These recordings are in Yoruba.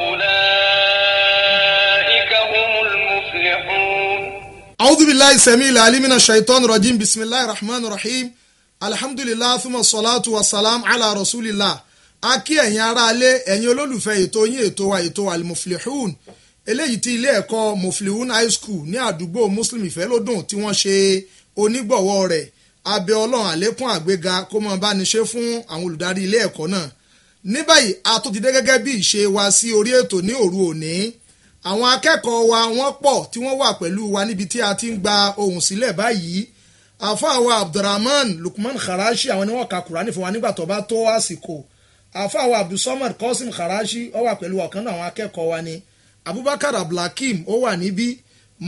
وأولئك هم المفلحون أعوذ بالله السميع العليم من الشيطان الرجيم بسم الله الرحمن الرحيم الحمد لله ثم الصلاة والسلام على رسول الله akí ẹ̀yin aráalé ẹ̀yin olólùfẹ́ ètò yín ètò wa ètò almuflihun eléyìí tí ilé ẹ̀kọ́ muflihun high school ní àdúgbò muslim ìfẹ́lódùn tí wọ́n ṣe onígbọ̀wọ́ rẹ̀ abẹ́ ọlọ́run àlékún àgbéga kó mọ̀ bá ní ṣe fún àwọn olùdarí ilé ẹ̀kọ́ náà ní báyìí a tún ti dé gẹ́gẹ́ bí ìṣe wa sí orí ètò ní òru òní àwọn akẹ́kọ̀ọ́ wa wọ́n pọ̀ tí wọ́n wà pẹ̀lú wa níbi tí a ti ń gba ohùn sílẹ̀ báyìí àfàwà abdulrahman lukman kharashi àwọn ni wọ́n ka kùránì fún wa nígbà tó bá tó àsìkò àfàwà abdulsamad qasim kharashi ó wà pẹ̀lú ọ̀kan náà àwọn akẹ́kọ̀ọ́ wa ni abubakar abdulhakeem ó wà níbí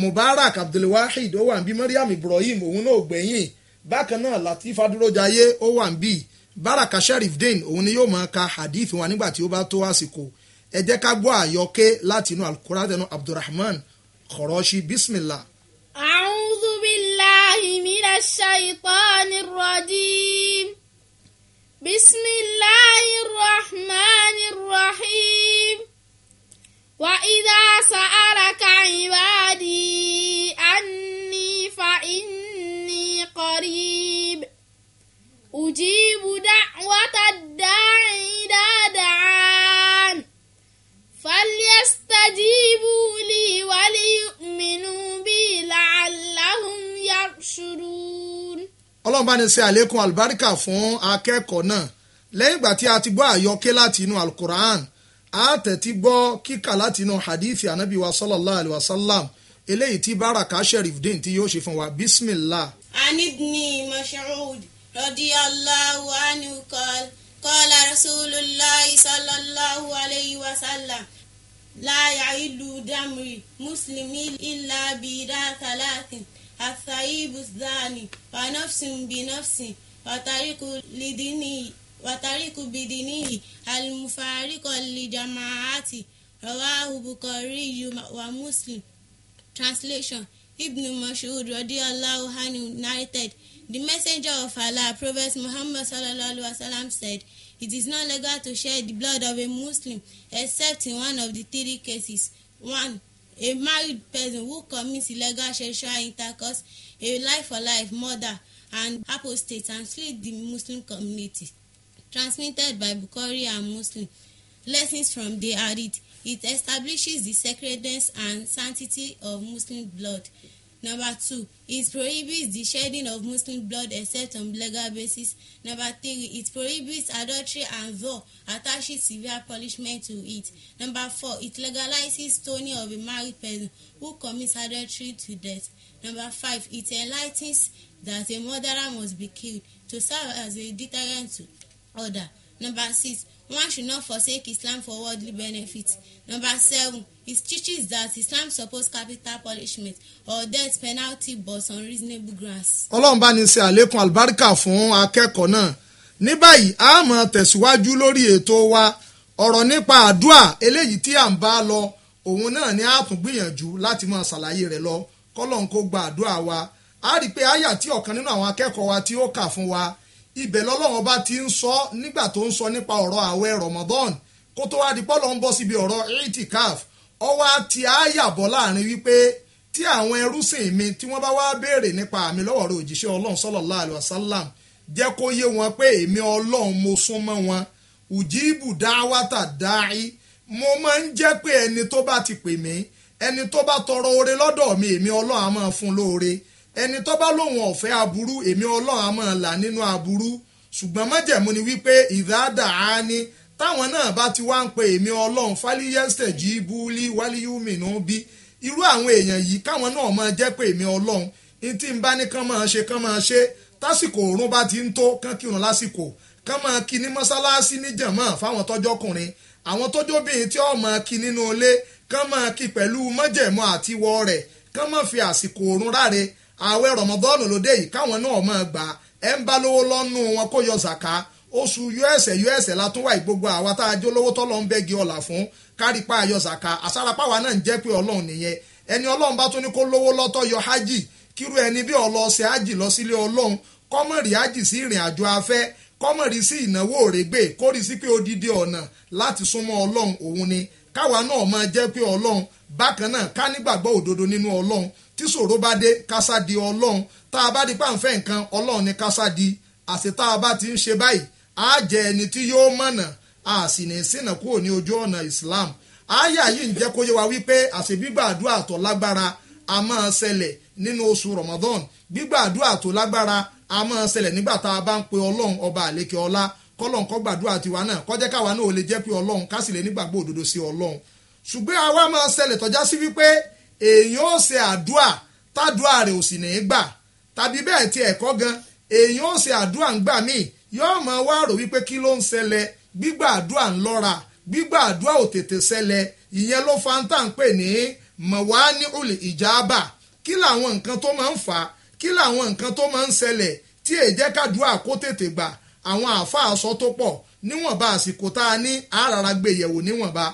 mubarak abdulwahid ó wà níbí mariam ibrahim òun náà gbẹ̀yìn bákan náà latif adúrójayé ó wà níbí baraka sherifdeen òun ni yóò máa ka hadith wa nígbà tí ó bá tó àsìkò ẹ jẹ́ ká gbọ́ àyọké láti inú alukóra tẹnu abdulrahman kọ̀rọ̀ṣí bismillah. a'udhu billahi minash shaytanir rajim bismillahir rahmanir rahim wa in. ọlọ́run bá ní ṣe àlékún àlùbáríkà fún akẹ́kọ̀ọ́ náà lẹ́yìn ìgbà tí a ti gbọ́ àyọké láti inú alukur'an a tẹ̀tí gbọ́ kíkà láti inú hadithi anabi wa sallallahu alayhi wa sallam eléyìí tí baraka sherifdin tí yóò ṣe fún wa bismillah. anibni mas'ud radiyallahu anhu qala qala rasulullahi sallallahu alayhi wa sallam la ya'idu damri muslimi illa bi da الثعي بستاني Panafsi, بنفس وطريق لديني وطريق بدينه المفارق Rawa رواه wa Muslim. Translation Ibn Mas'ud radiallahu hani narrated The messenger of Allah, Prophet Muhammad sallallahu alaihi wasallam said, It is not legal to shed the blood of a Muslim except in one of the three cases. 1. a married person who commits illegal sexual intercourse, a life for life murder, and apostate and split the Muslim community. Transmitted by Bukhari and Muslim. Lessons from the Hadith. It establishes the sacredness and sanctity of Muslim blood. Number two, it prohibits the shedding of Muslim blood except on legal basis. Number three, it prohibits adultery and though attaches severe punishment to it. Number four, it legalizes stoning of a married person who commits adultery to death. Number five, it enlightens that a murderer must be killed to serve as a deterrent to order. Number six, one should not forsake Islam for worldly benefits. Number seven, It teaches that Islam supports capital punishment or death penalty but on reasonable grounds. Ọlọ́run bá ní ṣe àlékún àlùbáríkà fún akẹ́kọ̀ọ́ náà ní báyìí a máa tẹ̀síwájú lórí ètò wa ọ̀rọ̀ nípa àdúà eléyìí tí à ń bá lọ òun náà ni a tún gbìyànjú láti máa ṣàlàyé rẹ̀ lọ kọ́lọ́n kó gba àdúà wa a rí i pé àyà tí ọ̀kan nínú àwọn akẹ́kọ̀ọ́ wa tí ó kà fún wa ibẹ̀ lọ́lọ́run bá ti ń sọ nígbà tó ń sọ nípa ọ̀rọ̀ àwẹ̀ Ramadan kó tó wá di pọ́lọ́ ń bọ́ síbi ọ̀rọ̀ itikaf ọwọ́ àti àyàbọ̀ láàrin wípé tí àwọn ẹrúsìn mi tí wọ́n bá wá béèrè nípa àmì lọ́wọ́ rẹ̀ òjíṣẹ́ ọlọ́run sallallahu alaihi wasallam jẹ́ kó yé wọn pé èmi ọlọ́run mo sún mọ́ wọn ùjíìbù dáwátà dáì mo máa ń jẹ́ pé ẹni tó bá ti pè mí ẹni tó bá tọrọ oore lọ́dọ̀ mi èmi ọlọ́run á máa fún lóore ẹni tó bá lòun ọ̀fẹ́ aburú èmi ọlọ́run á máa là nínú aburú ṣùgbọ́n májẹ̀mú ni wípé ìdá dàá táwọn náà bá ti wá ń pe èmi ọlọ́run fáliyẹ́sẹ̀ jí búlí wálíyúmì nù bí irú àwọn èèyàn yìí káwọn náà máa jẹ́ pé èmi ọlọ́run ní tí n bá ní kán máa ṣe kán máa ṣe tásìkò òórùn bá ti ń tó kán kírun lásìkò kán máa kí ní mọ́sálásí níjàmọ́ fáwọn tọ́jọ́kùnrin àwọn tọ́jọ́bìnrin tí ó máa kí nínú ilé kán máa kí pẹ̀lú mọ́jẹ̀mọ́ àtiwọ́ rẹ̀ kán máa fi àsìkò òórùn ráre ààwẹ̀ rọ̀mọ́dọ́ọ̀nù lóde yìí káwọn náà máa gbà ẹ̀ ń bá lówó lọ́nù wọn kó yọ zàká oṣù usa usa la tún wà gbogbo àwa tá a jẹ́ olówó tọ́lọ́ ń bẹ́gi ọ̀là fún kárípá ayọ̀ zaka àsárápáwa náà ń jẹ́ pé ọlọ́run nìyẹn ẹni ọlọ́run bá tún ní kó lówó lọ́tọ́ yọ hajj kírú ẹni bí ọlọ́ọ̀sẹ̀ hajj lọ sílé ọlọ́run kọ́mọ̀rì hajj sí ìrìn àjò afẹ́ kọ́mọ̀rì sí ìnáwó òrègbè kórì sí pé odidi ọ̀nà láti súnmọ́ ọlọ́run òun ni káwa náà máa jẹ́ pé ọlọ́run bákan náà ká nígbàgbọ́ òdodo nínú ọlọ́run tí ṣòro bá dé kásá di ọlọ́run tá a bá di páǹfẹ́ nǹkan ọlọ́run ni kásá di àṣetá a bá ti ń ṣe báyìí á jẹ ẹni tí yóò mọ̀nà a sì ní sínà kúrò ní ojú ọ̀nà Islam àyà yìí ń jẹ́ kó yé wa wípé àṣegbígbàdúrà tó lágbára a máa ṣẹlẹ̀ nínú oṣù Ramadan gbígbàdúrà tó lágbára a máa ṣẹlẹ̀ nígbà tá a bá ń pe Ọlọ́run ọba àlékè ọlá kọ́lọ́n kọ́ gbàdúrà tiwa náà kọjá káwa náà ò lè jẹ́ pé Ọlọ́run ká sì lè nígbàgbọ́ òdodo sí Ọlọ́run ṣùgbọ́n àwa máa ṣẹlẹ̀ tọ́já sí wípé èèyàn ó ṣe àdúà tádùá rẹ̀ ò sì ní í gbà tàbí bẹ́ẹ̀ ti ẹ̀kọ́ gan èèyàn ó ṣe àdúà ń gbà míì yóò máa wá rò wípé kí ló ń ṣẹlẹ̀ gbígbà àdúrà ń lọ́ra gbígbà àdúrà ò tètè ṣẹlẹ̀ ìyẹn ló fa ń tà ń pè ní mọ̀wání òlì ìjàmbá kí làwọn nǹkan tó máa ń fà á kí làwọn nǹkan tó máa ń ṣẹlẹ̀ tí èyí jẹ́ kádùá kó tètè gbà àwọn àáfàá sọ tó pọ̀ níwọ̀nba àsìkò tá a ní àràrà gbé yẹ̀wò níwọ̀nba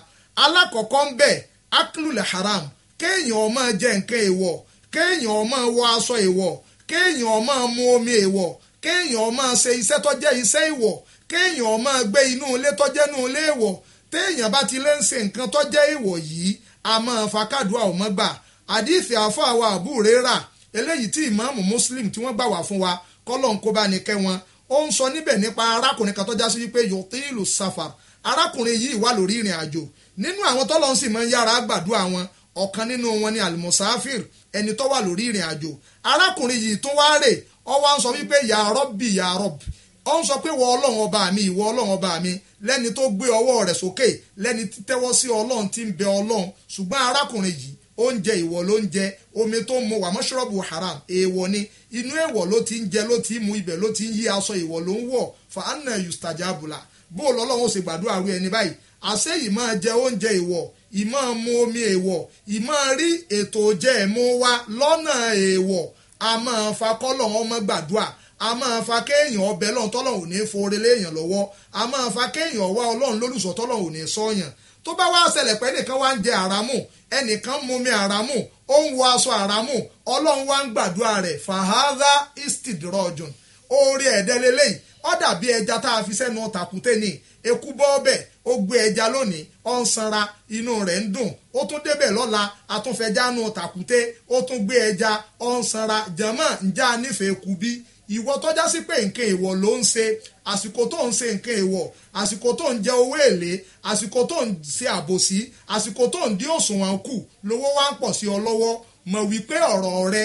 alákọ̀ọ́kọ́ ń bẹ̀ akílùlẹ̀ haram kéèyàn ó máa jẹ nǹkan èèwọ̀ kéèyàn ó máa wọ aṣọ èèwọ̀ kéèyàn ó máa omi èèwọ̀ kéèyàn máa ṣe iṣẹ́ tó jẹ́ iṣẹ́ ìwọ̀ kéèyàn máa gbé inú ilé tó jẹ́ inú ilé ìwọ̀ téèyàn bá ti lè ń ṣe nǹkan tó jẹ́ ìwọ̀ yìí a máa fakádùá ò mọ́ gbà àdìsí àfọ àwa àbúrérà eléyìí tí ìmáàmù muslim tí wọ́n gbà wá fún wa kọ́lọ̀ ń kó bá ní kẹ́ wọn ó ń sọ níbẹ̀ nípa arákùnrin kan tó já sí wípé yòtílù safar arákùnrin yìí wà lórí ìrìn àjò nínú àwọn tọ́lọ́ ń sì máa ń yára gbàdúrà wọn ọ̀kan nínú wọn ni almusafir ẹni tó wà lórí ìrìn àjò arákùnrin yìí tún wá rè ọ wá ń sọ wípé ya Rabbi ya Rabbi ọ ń sọ pé wọ ọlọ́run ọba mi ìwọ ọlọ́run ọba mi lẹ́ni tó gbé ọwọ́ rẹ̀ sókè lẹ́ni títẹ́wọ́ sí ọlọ́run tí ń bẹ ọlọ́run ṣùgbọ́n arákùnrin yìí oúnjẹ ìwọ ló ń jẹ omi tó ń mu wà mọ́ṣọ́rọ́bù haram èèwọ̀ ni inú èèwọ̀ ló ti ń jẹ ló ti ń mu ibẹ̀ ló ti ń yí aṣọ ìwọ ló ń wọ̀ fàánà yustajabula bó lọ́lọ́run ó sì gbàdúrà rú ẹni báyìí àṣé yìí máa jẹ oúnjẹ ìwọ ìmọ̀ mu omi èèwọ̀ ìmọ̀ rí ètò jẹ́ ẹ̀mú wa lọ́nà èèwọ̀ a máa fa kọ́lọ̀ wọn mọ́ gbàdúrà a máa fa kéèyàn ọbẹ̀ lọ́n tọ́lọ́hùn ní foore léèyàn lọ́wọ́ a máa fa kéèyàn wá ọlọ́run lólùsọ tọ́lọ́hùn ní sọ́yàn tó bá wá ṣẹlẹ̀ pé ẹnìkan wá ń jẹ àràmù ẹnìkan mumi àràmù ó ń wọ aṣọ àràmù ọlọ́run wá ń gbàdúrà rẹ̀ fàhálà istidrojun oore ẹ̀dẹ́lélẹ́yìn ó dàbí ẹja tá a fi sẹ́nu ọ̀tàkùn tẹ́ni ekú bọ́ bẹ́ẹ̀ ó gbé ẹja lónìí ó ń sanra inú rẹ̀ ń dùn ó tún débẹ̀ lọ́la àtúnfẹjánu tàkúté ó tún gbé ẹja ó ń sanra jẹ̀mọ́ ǹjẹ́ a nífẹ̀ẹ́ kú bí ìwọ tọ́já sí pé nǹkan èèwọ̀ ló ń ṣe àsìkò tó ń ṣe nǹkan èèwọ̀ àsìkò tó ń jẹ owó èlé àsìkò tó ń ṣe àbòsí àsìkò tó ń dín òṣùwọ̀n kù lówó wá ń pọ̀ sí ọ lọ́wọ́ mọ̀ wípé ọ̀rọ̀ rẹ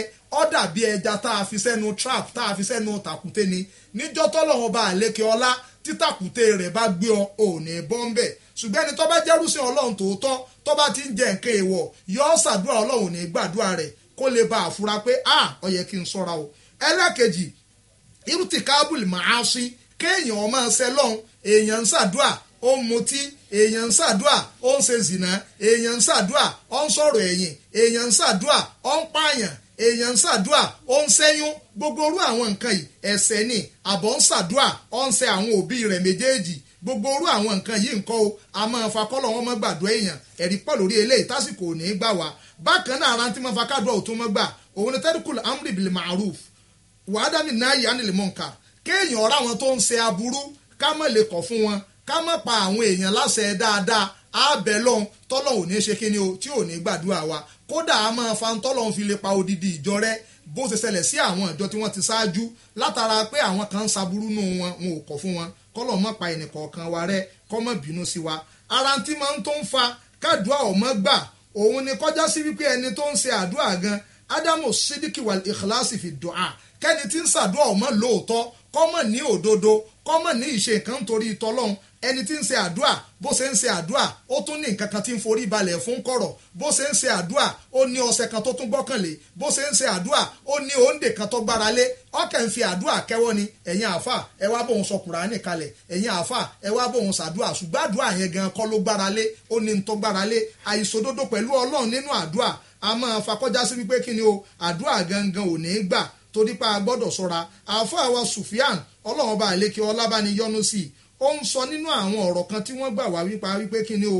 fi sẹ́nu trap tá fi sẹ́nu tàkúté ni níjọ́ bá ọlá títàkùté rẹ̀ bá gbé ọ ò ní bọ́ńbẹ̀ ṣùgbọ́n ẹni tó bá jẹ́rúsìn ọlọ́run tòótọ́ tó bá ti ń jẹ nǹkan èèwọ̀ yọ ṣàdúrà ọlọ́run ní gbàdúrà rẹ̀ kó lè bá àfura pé a ó yẹ kí n sọ́ra o ẹlẹ́kejì irutikaabul maasi kéèyàn ó máa ṣe lọ́hùn èèyàn ń ṣàdúrà ó ń mutí èèyàn ń ṣàdúà ó ń ṣe zìnà èèyàn ń ṣàdúà ó ń sọ̀rọ̀ ẹ̀yìn èèyàn ń ṣàdúà ó ń pààyàn èèyàn ń ṣàdúà ó ń ṣẹ́yún gbogbo orú àwọn nǹkan yìí ẹ̀ṣẹ̀ ni àbọ̀ ń ṣàdúà ó ń ṣe àwọn òbí rẹ̀ méjèèjì gbogbo orú àwọn nǹkan yìí nǹkan o a máa fa kọ́lọ̀ wọn mọ́ gbàdúrà èèyàn ẹ̀rí pọ̀ lórí eléyìí tásìkò ò ní gbà wá bákan náà ara tí wọ́n fa kádùá òtún mọ́ gbà òun ni tẹ́ríkùlù amri bil ma'ruf wàhádàmì náà yà nílì mọ̀ǹkà kéèyàn ọ̀rá wọn tó ń ṣe aburú ká má lè àbẹ̀ lọ́hún tọ́lọ̀ ò ní ṣe kíni o tí ò ní gbàdúrà wa kódà a máa fa tọ́lọ̀ ń fi lè pa odidi ìjọ rẹ bó ṣe ṣẹlẹ̀ sí àwọn ìjọ tí wọ́n ti ṣáájú látara pé àwọn kan ń saburú nù wọn wọn ò kọ̀ fún wọn kọ́lọ̀ mọ́ pa ẹnì kọ̀ọ̀kan wa rẹ kọ́ mọ́ bínú sí wa ara tí máa ń tó ń fa kádùá ò mọ́ gbà òun ni kọjá sí wípé ẹni tó ń ṣe àdúrà gan ádámù sídìkì wal ìkìláàsì fi dùn à kẹ́ni tí ń ṣàdúrà ò mọ́ lóòótọ́ kọ́ mọ̀ ní òdodo kọ́mọ̀ ní ìṣe nǹkan nítorí tọ́lọ́hún ẹni tí ń ṣe àdúà bó ṣe ń ṣe àdúà ó tún ní nǹkan kan tí ń forí balẹ̀ fún kọ̀rọ̀ bó ṣe ń ṣe àdúà ó ní ọṣẹ kan tó tún gbọ́kànlé bó ṣe ń ṣe àdúà ó ní òǹdè kan tó gbára lé ọkẹ́ ń fi àdúà kẹ́wọ́ ni ẹ̀yin àáfà ẹ wá bóun sọ Kùránì kalẹ̀ ẹ̀yin àáfà ẹ wá bóun ṣàdúà ṣùgbọ́n àdúà yẹn gan kọ́ ló gbára lé ó ní tó gbára lé àìṣòdodo pẹ̀lú Ọlọ́run nínú àdúà a máa fakọ́já torí pa gbọ́dọ̀ ṣọ́ra àáfàá wa Sufyan ọlọ́run bá àlékè ọlábániyọ́nú sí i ó ń sọ nínú àwọn ọ̀rọ̀ kan tí wọ́n gbà wá wípa wípé kí ni o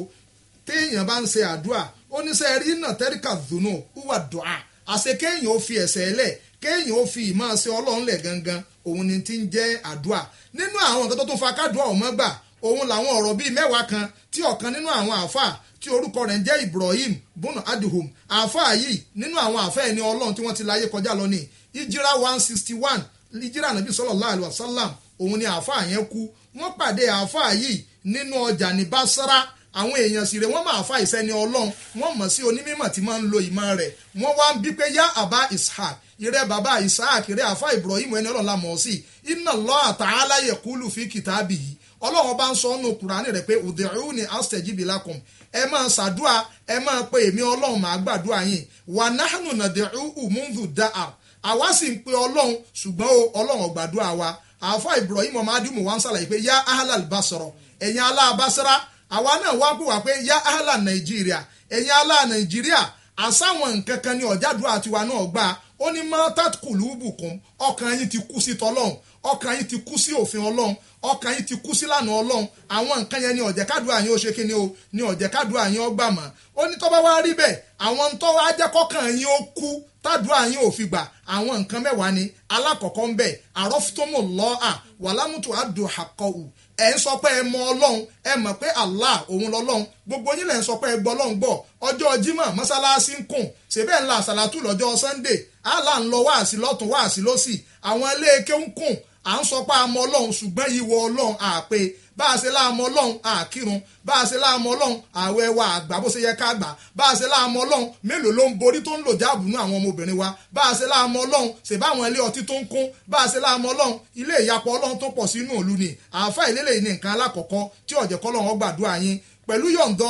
téèyàn bá ń ṣe àdúrà ó rí náà tẹ́ríkà dùnú wúwà dùn à àṣẹ kéèyàn ó fi ẹ̀sẹ̀ lẹ̀ kéèyàn ó fi ìmọ̀ ṣe ọlọ́run lẹ̀ gangan òun ni ti ń jẹ́ àdúrà nínú àwọn nǹkan tó tún fa kádùá ọ̀mọ́ gbà òun làwọn ọ̀rọ̀ bíi mẹ́wàá kan tí ọ̀kan nínú àwọn àáfàá tí orúkọ rẹ̀ ń jẹ́ Ibrahim bùnà adihum àáfàá yìí nínú àwọn àáfàá ẹni ọlọ́run tí wọ́n ti láyé kọjá lọ nìyí ìjírà one sixty one ìjírà nàbí sallallahu alaihi wasallam òun ni àáfàá yẹn kú wọ́n pàdé àáfàá yìí nínú ọjà ní Basra àwọn èèyàn sì rè wọ́n máa fa ìsẹ́ni ọlọ́run wọ́n mọ̀ sí onímọ̀ tí máa ń lo ìmọ̀ rẹ̀ wọ́n wá ń bí pé yá àbá ishaq ìrẹ́ bàbá ishaq ìrẹ́ àfa ibrahim ẹni ọlọ́run la mọ̀ sí inna Allah ta'ala yaqulu fi kitabihi ọlọ́run bá ń sọ ọ́nù kùránì rẹ̀ pé ud'uni astajib lakum ẹ máa ṣàdúà ẹ máa pe èmi ọlọ́run màá gbàdúà yín wa nahnu nad'u mundhu da'a àwa sì ń pe ọlọ́run ṣùgbọ́n o ọlọ́run ọ̀gbàdúrà wa àáfà Ibrahim ọmọdéwùmọ̀ wa ń sàlàyé pé yá ahala albasoro ẹ̀yin aláàbásárá àwa náà wá pè wá pé yá ahala Nàìjíríà ẹ̀yin alá Nàìjíríà àsáwọn nǹkan kan ní ọ̀jádùá tiwa náà gbà ó ní mọ́tàt kùlùbùkún ọkàn yín ti kú sí tọ́lọ́hún ọkàn yín ti kú sí òfin ọlọ́hún ọkàn yín ti kú sílànà ọlọ́run àwọn nǹkan yẹn ni ọ̀jẹ̀kádùá yín ó ṣe kí ni o ni ọ̀jẹ̀kádùá yín ó gbà mọ́ ó ní tó bá wá rí bẹ́ẹ̀ àwọn tó wá jẹ́ kọ́kàn yín ó kú tádùá yín ò fi gbà àwọn nǹkan mẹ́wàá ni alákọ̀ọ́kọ́ ń bẹ̀ àrọ́fútómù lọ́à wàlámùtò àdùn àkọ́wù ẹ̀ ń sọ pé ẹ mọ ọlọ́run ẹ mọ̀ pé Allah òun lọ́lọ́run gbogbo yín lẹ̀ ń sọ pé ẹ gbọ́ ọlọ́run gbọ́ ọjọ́ Jímọ̀ mọ́sálásí ń kùn ṣèbẹ́ ńlá àṣàlátù lọ́jọ́ Sunday Allah ń lọ wáàsí lọ́tún wáàsí lọ́sì àwọn ilé eke ń kùn à ń sọ pé a mọ ọlọ́run ṣùgbọ́n ìwọ ọlọ́run àpè bá a ṣe láàmú ọlọ́run àkírun bá a ṣe láàmú ọlọ́run àwẹ̀ wa àgbà bó ṣe yẹ ká gbà bá a ṣe láàmú ọlọ́run mélòó ló ń borí tó ń lò jáàbù nú àwọn ọmọbìnrin wa bá a ṣe láàmú ọlọ́run ṣèbáwọn ilé ọtí tó ń kún bá a ṣe láàmú ọlọ́run ilé ìyapọ̀ ọlọ́run tó pọ̀ sínú òlu ni àáfà ìlélẹ̀ ní nǹkan alákọ̀ọ́kọ́ tí ọ̀jẹ̀kọ́lọ́run ó gbàdúrà yín pẹ̀lú yọ̀ǹda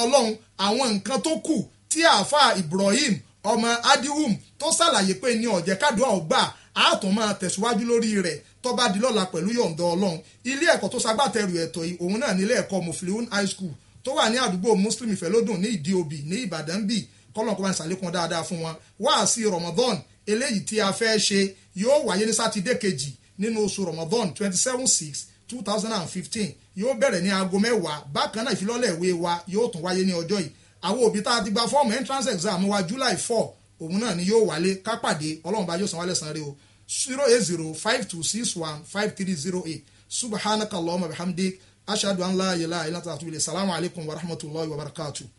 Ibrahim ọmọ Adihum tó ṣàlàyé pé ní ọ̀jẹ̀kádùá ọgbà àátùn máa tó bá di lọ́la pẹ̀lú yọ̀ǹda ọlọ́run ilé ẹ̀kọ́ tó ṣagbátẹrù ẹ̀tọ́ yìí òun náà nílé ẹ̀kọ́ mufliun high school tó wà ní àdúgbò muslim ìfẹ́lódùn ní ìdí obì ní ìbàdàn bì kọ́lọ̀ kó bá ń ṣàlékún dáadáa fún wọn wáàsí ramadan eléyìí tí a fẹ́ ṣe yóò wáyé ní sátidé kejì nínú oṣù ramadan twenty seven six two thousand and fifteen yóò bẹ̀rẹ̀ ní aago mẹ́wàá bákan náà ìfilọ́lẹ̀ ìwé wa yóò tún wáyé ní ọjọ́ yìí àwọn òbí tá entrance exam wa july four òun ni yóò wálé kápàdé ọlọ́run bá yóò san wálé zero eight zero five two six one five three zero eight subhanaka allahumma bihamdik Ashhadu an la ilaha illa anta astaghfiruka salamu alaykum wa rahmatulahi wa barakatuh.